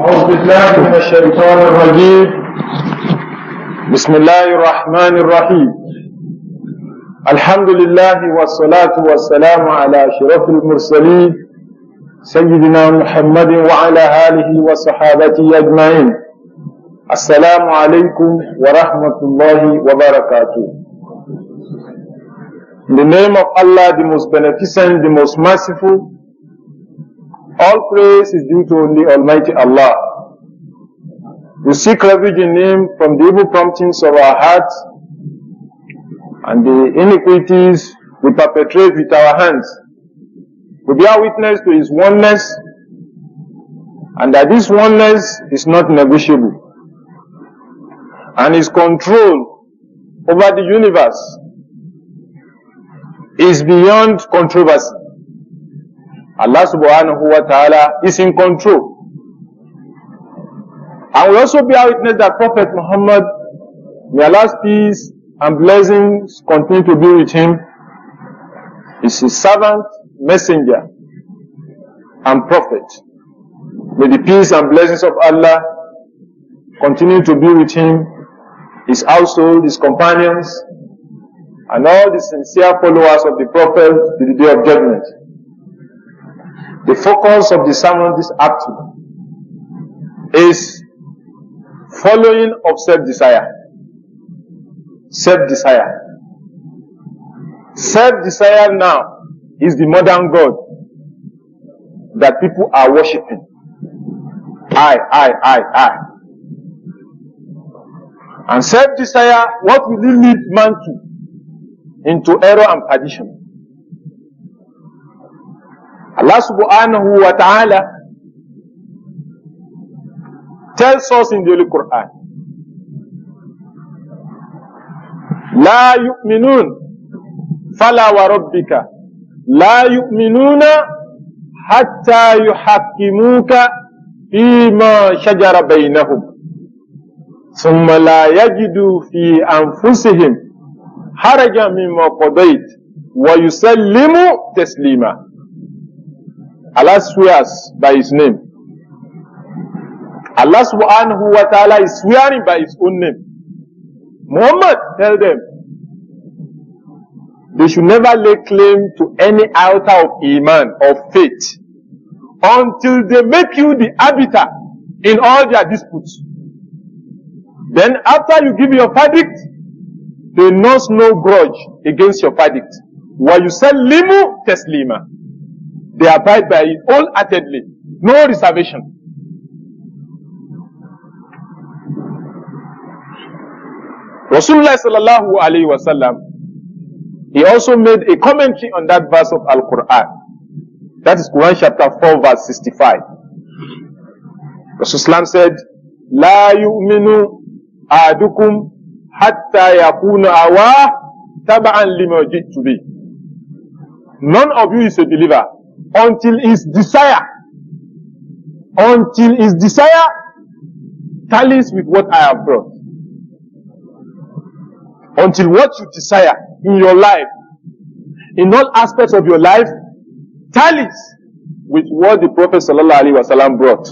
أعوذ بالله من الشيطان الرجيم بسم الله الرحمن الرحيم الحمد لله والصلاة والسلام على أشرف المرسلين سيدنا محمد وعلى آله وصحابته أجمعين السلام عليكم ورحمة الله وبركاته In the name of Allah, the most beneficent, the most merciful, All praise is due to only Almighty Allah. We seek refuge in Him from the evil promptings of our hearts and the iniquities we perpetrate with our hands. We bear witness to His oneness and that this oneness is not negotiable. And His control over the universe is beyond controversy. Allah subhanahu wa ta'ala is in control. And we also bear witness that Prophet Muhammad, may Allah's peace and blessings continue to be with him, is his servant, messenger, and prophet. May the peace and blessings of Allah continue to be with him, his household, his companions, and all the sincere followers of the Prophet to the day of judgment. The focus of the sermon this afternoon is following of self desire. Self desire. Self desire now is the modern God that people are worshipping. I, I, I, I. And self desire, what will it lead man to? Into error and perdition. Allah subhanahu wa ta'ala tells us in the Holy Quran, لا يؤمنون فلا وربك لا يؤمنون حتى يحكموك فيما شجر بينهم ثم لا يجدوا في أنفسهم حرجا مما قضيت ويسلموا تسليما Allah swears by His name. Allah subhanahu wa ta'ala is swearing by His own name. Muhammad, tell them, they should never lay claim to any altar of Iman, or faith, until they make you the arbiter in all their disputes. Then after you give your verdict, they nurse no grudge against your verdict. وَيُسَلِّمُ تَسْلِيمًا they abide by it wholeheartedly, no reservation. Rasulullah sallallahu alayhi wasallam, he also made a commentary on that verse of Al-Quran. That is Quran chapter 4 verse 65. Rasulullah said, "La yuminu adukum حتى يكون awa تبعا لما جئت به. None of you is a believer until his desire, until his desire tallies with what I have brought. Until what you desire in your life, in all aspects of your life, tallies with what the Prophet ﷺ brought.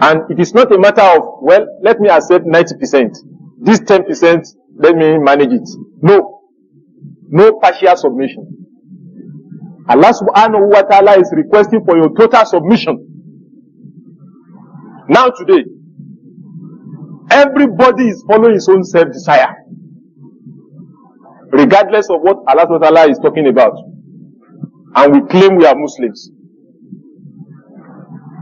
And it is not a matter of, well, let me accept 90%. This 10%, let me manage it. No. No partial submission. Allah subhanahu wa ta'ala is requesting for your total submission. Now today, everybody is following his own self-desire. Regardless of what Allah subhanahu wa ta'ala is talking about. And we claim we are Muslims.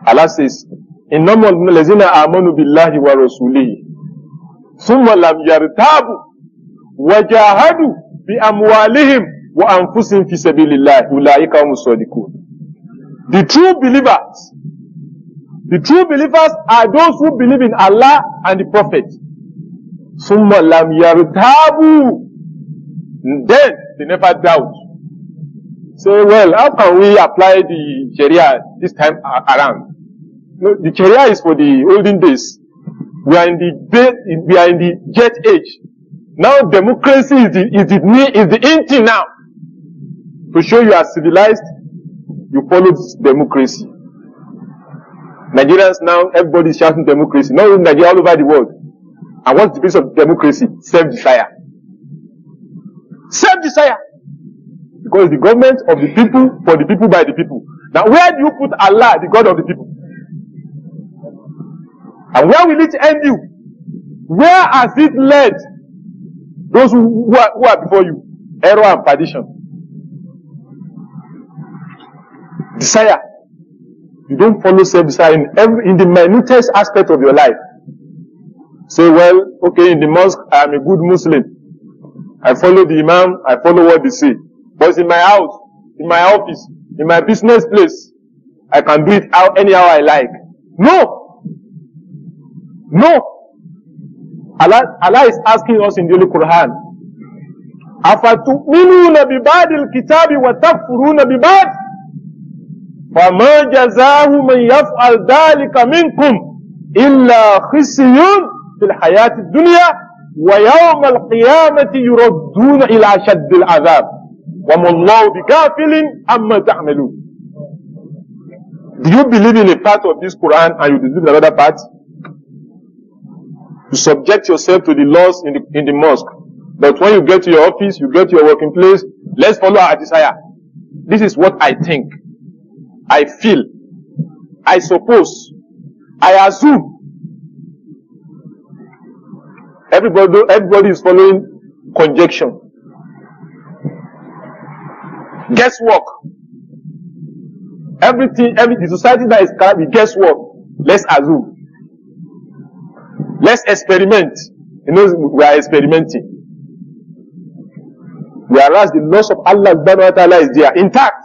Allah says, إنما الذين آمنوا بالله ورسوله ثم لم يرتابوا وجاهدوا بأموالهم wa anfusihim fi sabilillah ulaika humus sadiqun the true believers the true believers are those who believe in Allah and the prophet summa lam yartabu then they never doubt say well how can we apply the sharia this time around no, the sharia is for the olden days we are in the day, we are in the jet age now democracy is the is the, is the in thing now to show you are civilized, you follow democracy. Nigerians now, everybody is shouting democracy. Not in Nigeria, all over the world. And what's the piece of democracy? Self-desire. Self-desire. Because the government of the people, for the people, by the people. Now, where do you put Allah, the God of the people? And where will it end you? Where has it led those who are, who are before you? Error and perdition. Desire. You don't follow self-desire in every, in the minutest aspect of your life. Say, well, okay, in the mosque, I am a good Muslim. I follow the Imam, I follow what they say. But in my house, in my office, in my business place, I can do it how, anyhow I like. No! No! Allah, Allah is asking us in the Holy Quran, أَفَتُؤْمِنُونَ بِبَعْدِ الْكِتَابِ وَتَكْفُرُونَ بِبَعْدِ فما جزاه من يفعل ذلك منكم إلا خسي في الحياة الدنيا ويوم القيامة يردون إلى شد العذاب وما الله بكافل أما تعملون Do you believe in a part of this Quran and you believe in another part? You subject yourself to the laws in the, in the mosque. But when you get to your office, you get to your working place, let's follow our desire. This is what I think. I feel, I suppose, I assume. Everybody, everybody is following conjecture. Guesswork. Everything, every the society that is carried guesswork. Let's assume. Let's experiment. You know, we are experimenting. Whereas the laws of Allah subhanahu wa is there intact.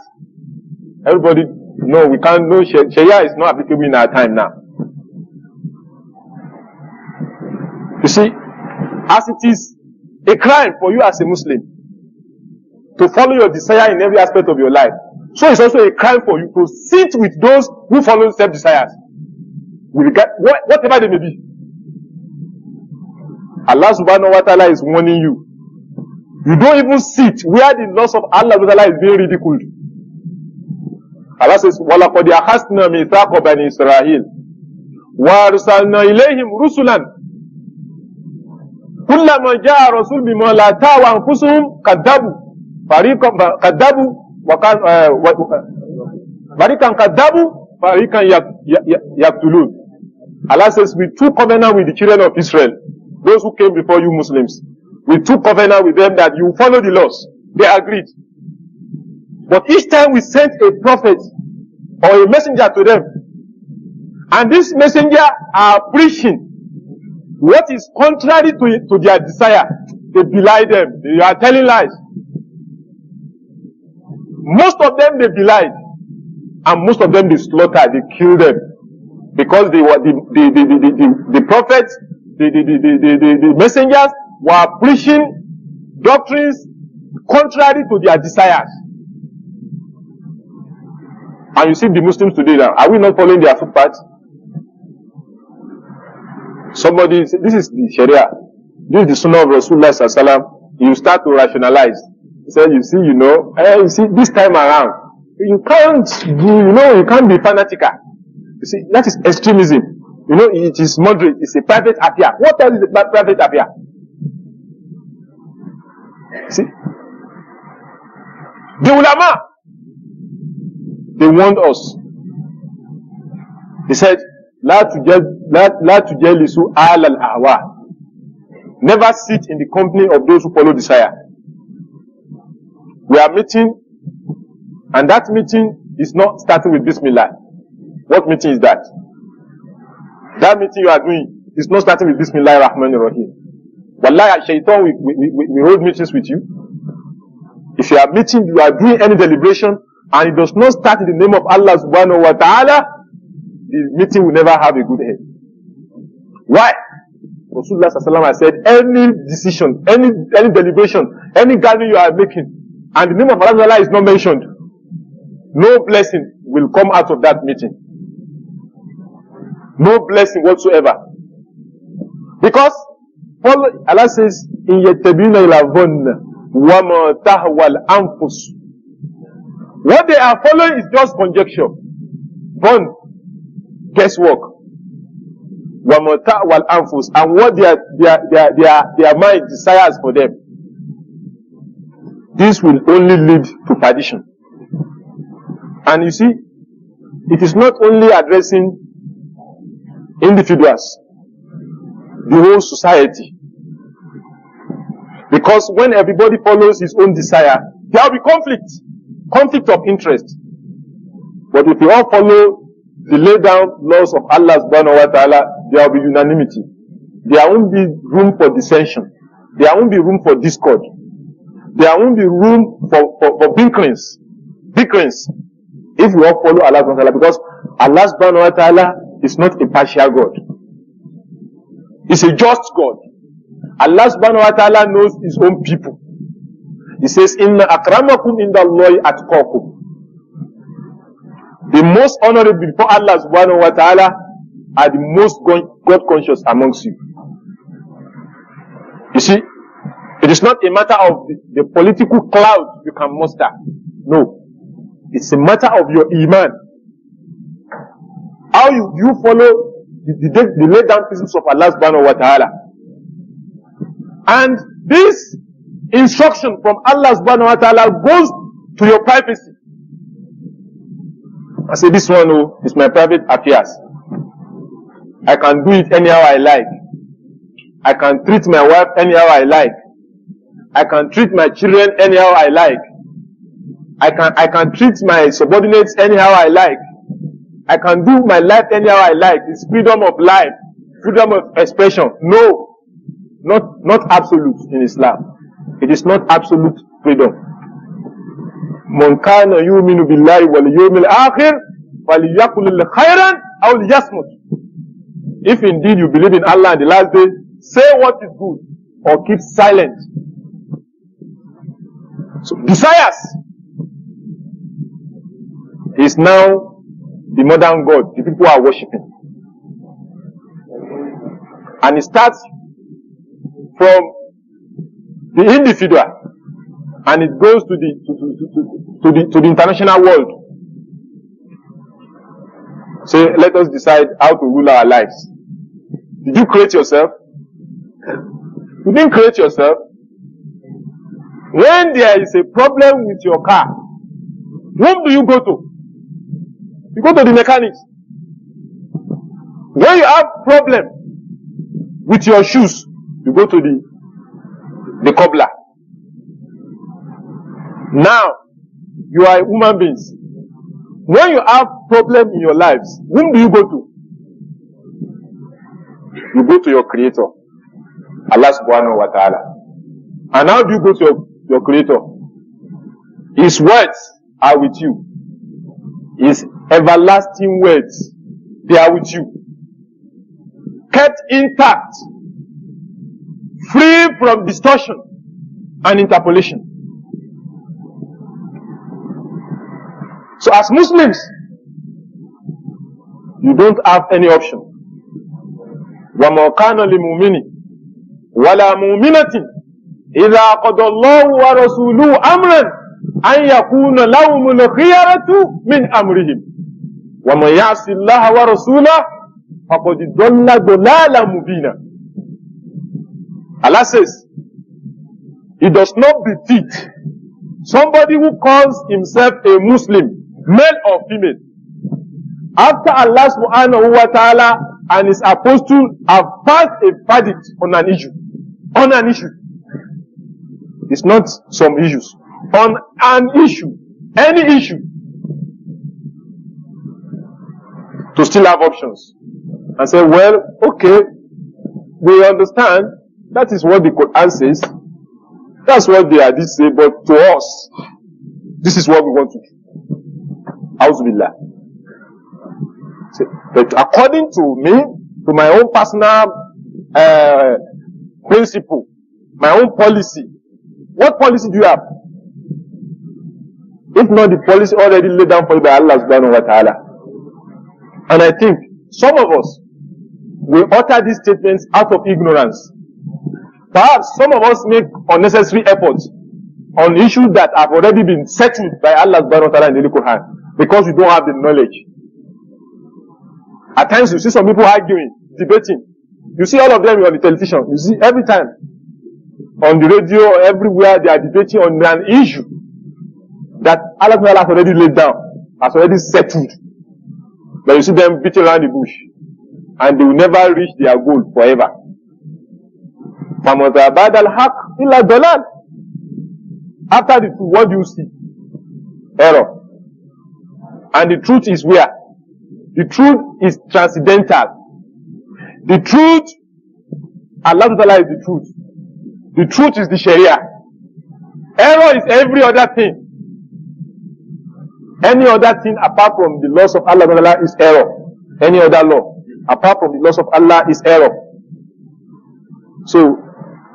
Everybody No, we can't. No, Sharia is not applicable in our time now. You see, as it is a crime for you as a Muslim to follow your desire in every aspect of your life, so it's also a crime for you to sit with those who follow self desires, We get whatever they may be. Allah subhanahu wa ta'ala is warning you. You don't even sit where the loss of Allah is being ridiculed. Allah says, وَلَقَدْ أَخَذْنَا مِيثَاقَ بَنِي إِسْرَائِيلَ وَأَرْسَلْنَا إِلَيْهِمْ رُسُلًا كُلَّمَا جَاءَ رَسُولٌ بِمَا لَا تَهْوَى أَنفُسُهُمْ كَذَّبُوا فَرِيقًا كَذَّبُوا وَكَانَ فَرِيقًا كَذَّبُوا فَرِيقًا يَقْتُلُونَ Allah says, we took covenant with the children of Israel, those who came before you Muslims. We took covenant with them that you follow the laws. They agreed. But each time we sent a prophet or a messenger to them, and this messenger are preaching what is contrary to, to their desire, they belie them. They are telling lies. Most of them they belied, and most of them they slaughtered, they killed them, because they were the the the the, the, the prophets, the the, the the the the messengers were preaching doctrines contrary to their desires. And you see the Muslims today now, are we not following their footpath? Somebody, this is the Sharia. This is the Sunnah of Rasulullah Sallallahu You start to rationalize. You Say, you see, you know, eh, you see, this time around, you can't do, you know, you can't be fanatical. You see, that is extremism. You know, it is moderate. It's a private affair. What else is a private affair? See? The ulama, They warned us. He said, La tujelisu al al ahwa. Never sit in the company of those who follow desire. We are meeting, and that meeting is not starting with Bismillah. What meeting is that? That meeting you are doing is not starting with Bismillah Rahman Rahim. Wallahi, Shaitan, we, we, we, we hold meetings with you. If you are meeting, you are doing any deliberation, and it does not start in the name of Allah subhanahu wa ta'ala, the meeting will never have a good head. Why? Rasulullah sallallahu said, any decision, any, any deliberation, any gathering you are making, and the name of Allah is not mentioned, no blessing will come out of that meeting. No blessing whatsoever. Because Allah says, in yatabina ila dhanna wa ma anfus What they are following is just conjecture. Born guesswork. Wamata wal anfus. And what their, their, their, their, their mind desires for them. This will only lead to perdition. And you see, it is not only addressing individuals, the whole society. Because when everybody follows his own desire, there will be conflict. conflict of interest. But if we all follow the laid down laws of Allah subhanahu wa ta'ala, there will be unanimity. There won't be room for dissension. There won't be room for discord. There won't be room for, for, for bickerings. Bickerings. If we all follow Allah subhanahu wa ta'ala, because Allah subhanahu wa ta'ala is not a partial God. He's a just God. Allah subhanahu wa ta'ala knows his own people. He says, Inna akramakum at atqakum. The most honorable before Allah subhanahu wa ta'ala are the most God conscious amongst you. You see, it is not a matter of the, the political clout you can muster. No. It's a matter of your iman. How you, you follow the, the, the laid down principles of Allah subhanahu wa ta'ala. And this instruction from Allah subhanahu wa ta'ala goes to your privacy. I say, this one oh, is my private affairs. I can do it anyhow I like. I can treat my wife anyhow I like. I can treat my children anyhow I like. I can, I can treat my subordinates anyhow I like. I can do my life anyhow I like. It's freedom of life, freedom of expression. No, not, not absolute in Islam. It is not absolute freedom. من كان يؤمن بالله واليوم الآخر فليقل خيرا أو ليصمت. If indeed you believe in Allah and the last day, say what is good or keep silent. So desires is now the modern God the people are worshipping. And it starts from the individual, and it goes to the to, to, to, to, the to the international world. Say, so let us decide how to rule our lives. Did you create yourself? You didn't create yourself. When there is a problem with your car, whom do you go to? You go to the mechanics. When you have problem with your shoes, you go to the the cobbler. Now, you are human beings. When you have problem in your lives, whom do you go to? You go to your creator. Allah subhanahu wa ta'ala. And how do you go to your, your creator? His words are with you. His everlasting words, they are with you. Kept intact free from distortion and interpolation. So as Muslims, you don't have any option. وَمَا كَانَ لِمُؤْمِنِ وَلَا مُؤْمِنَةٍ إِذَا قَدَ اللَّهُ وَرَسُولُهُ أَمْرًا أَنْ يَكُونَ لَهُمُ الْخِيَرَةُ مِنْ أَمْرِهِمْ وَمَنْ يَعْصِ اللَّهَ وَرَسُولَهُ فَقَدْ ضَلَّ ضَلَالًا مُبِينًا Allah says, "He does not befit somebody who calls himself a Muslim, male or female, after Allah subhanahu wa ta'ala and his apostle have passed a verdict on an issue. On an issue. It's not some issues. On an issue. Any issue. To still have options. And say, well, okay, we understand That is what the Quran says. That's what the Hadith say. But to us, this is what we want to do. Auzubillah. But according to me, to my own personal uh, principle, my own policy, what policy do you have? If not the policy already laid down for you by Allah subhanahu wa ta'ala. And I think some of us, we utter these statements out of ignorance. Perhaps some of us make unnecessary efforts on issues that have already been settled by Allah subhanahu wa ta'ala in the Quran because we don't have the knowledge. At times you see some people arguing, debating. You see all of them on the television. You see every time on the radio, everywhere they are debating on an issue that Allah has already laid down, has already settled. But you see them beating around the bush and they will never reach their goal forever. Famoza Badal Hak, illa Dalal. After the truth, what do you see? Error. And the truth is where? The truth is transcendental. The truth, Allah Ta'ala is the truth. The truth is the Sharia. Error is every other thing. Any other thing apart from the laws of Allah Ta'ala is error. Any other law apart from the laws of Allah is error. So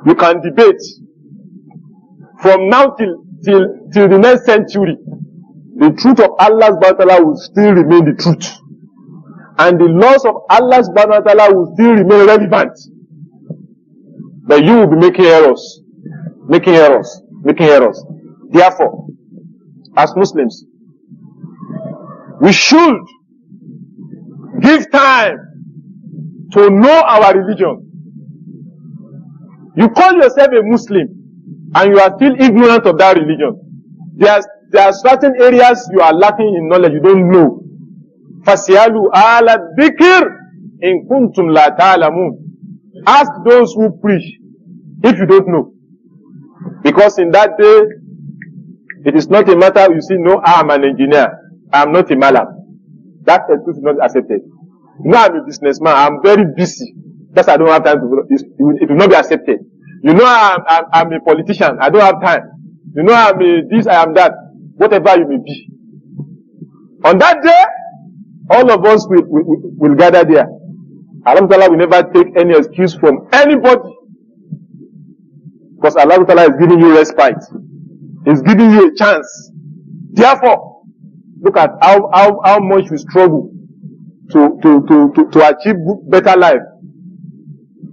You can debate from now till, till, till the next century. The truth of Allah's batala will still remain the truth. And the laws of Allah's batala will still remain relevant. But you will be making errors. Making errors. Making errors. Therefore, as Muslims, we should give time to know our religion You call yourself a Muslim and you are still ignorant of that religion. There are, there are certain areas you are lacking in knowledge, you don't know. Fasialu ala dhikr in kuntum la ta'lamun. Ask those who preach if you don't know. Because in that day, it is not a matter, you see, no, I am an engineer. I am not a malam. That is not accepted. No, I'm a businessman. I'm very busy. Just I don't have time to. It will not be accepted. You know I'm, I'm, I'm a politician. I don't have time. You know I'm a this. I am that. Whatever you may be. On that day, all of us will, will, will gather there. Allah will never take any excuse from anybody. Because Allah is giving you respite. He's giving you a chance. Therefore, look at how, how, how much we struggle to, to, to, to, to achieve better life.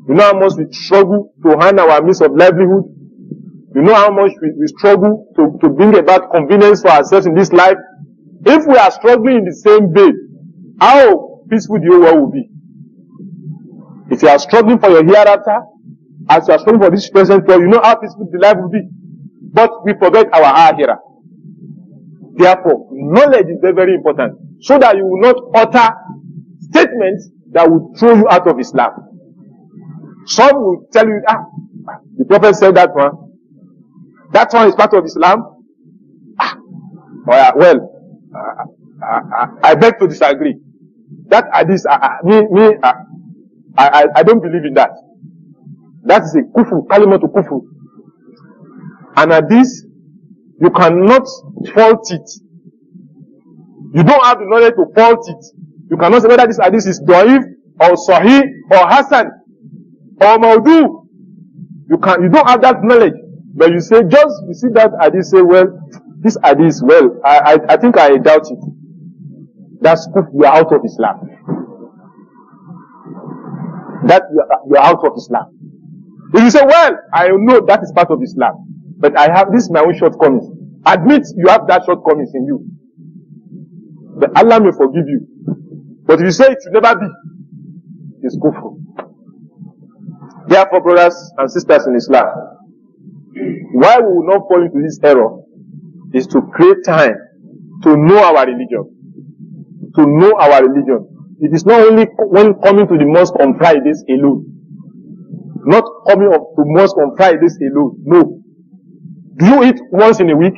You know how much we struggle to hand our means of livelihood. You know how much we, we struggle to, to bring about convenience for ourselves in this life. If we are struggling in the same bed, how peaceful the whole world will be. If you are struggling for your hereafter, as you are struggling for this present world, you know how peaceful the life will be. But we forget our ahira. Therefore, knowledge is very, very important so that you will not utter statements that will throw you out of Islam. Some will tell you, ah, the prophet said that one. That one is part of Islam. Ah, oh well, uh, I, I, beg to disagree. That hadith, uh, me, me, uh, I, I, I don't believe in that. That is a kufu, kalimatu to kufu. And at this, you cannot fault it. You don't have the knowledge to fault it. You cannot say whether this hadith is doif or sahih or hasan or maudu. You can you don't have that knowledge, but you say just you see that hadith say well, this hadith well I I, I think I doubt it. That's if you are out of Islam. That you are out of Islam. If you say well I know that is part of Islam, but I have this my own shortcomings. Admit you have that shortcomings in you. But Allah may forgive you. But if you say it should never be, it's kufr. Therefore, brothers and sisters in Islam, why we will not fall into this error is to create time to know our religion. To know our religion. It is not only when coming to the mosque on Fridays alone. Not coming to mosque on Fridays alone. No. Do you eat once in a week?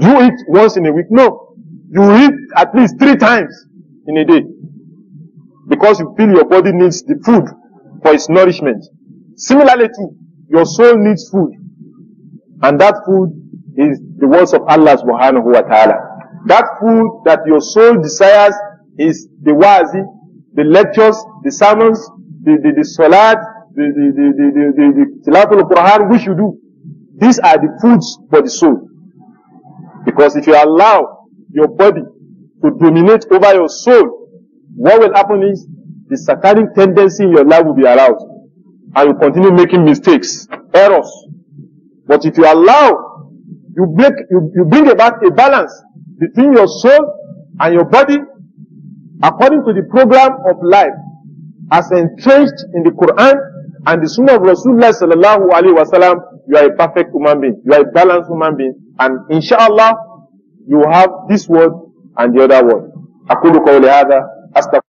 Do you eat once in a week? No. You eat at least three times in a day. Because you feel your body needs the food for its nourishment. Similarly too, your soul needs food. And that food is the words of Allah subhanahu wa ta'ala. That food that your soul desires is the wazi, the lectures, the sermons, the, the, the salat, the, the, the, the, the, the, the Quran, which you do. These are the foods for the soul. Because if you allow your body to dominate over your soul, what will happen is the satanic tendency in your life will be aroused and you continue making mistakes, errors. But if you allow, you, make, you, you bring about a balance between your soul and your body according to the program of life as entrenched in the Quran and the Sunnah of Rasulullah sallallahu alaihi wasallam, you are a perfect human being. You are a balanced human being. And inshallah, you have this word and the other word. أقول قولي هذا أستغفر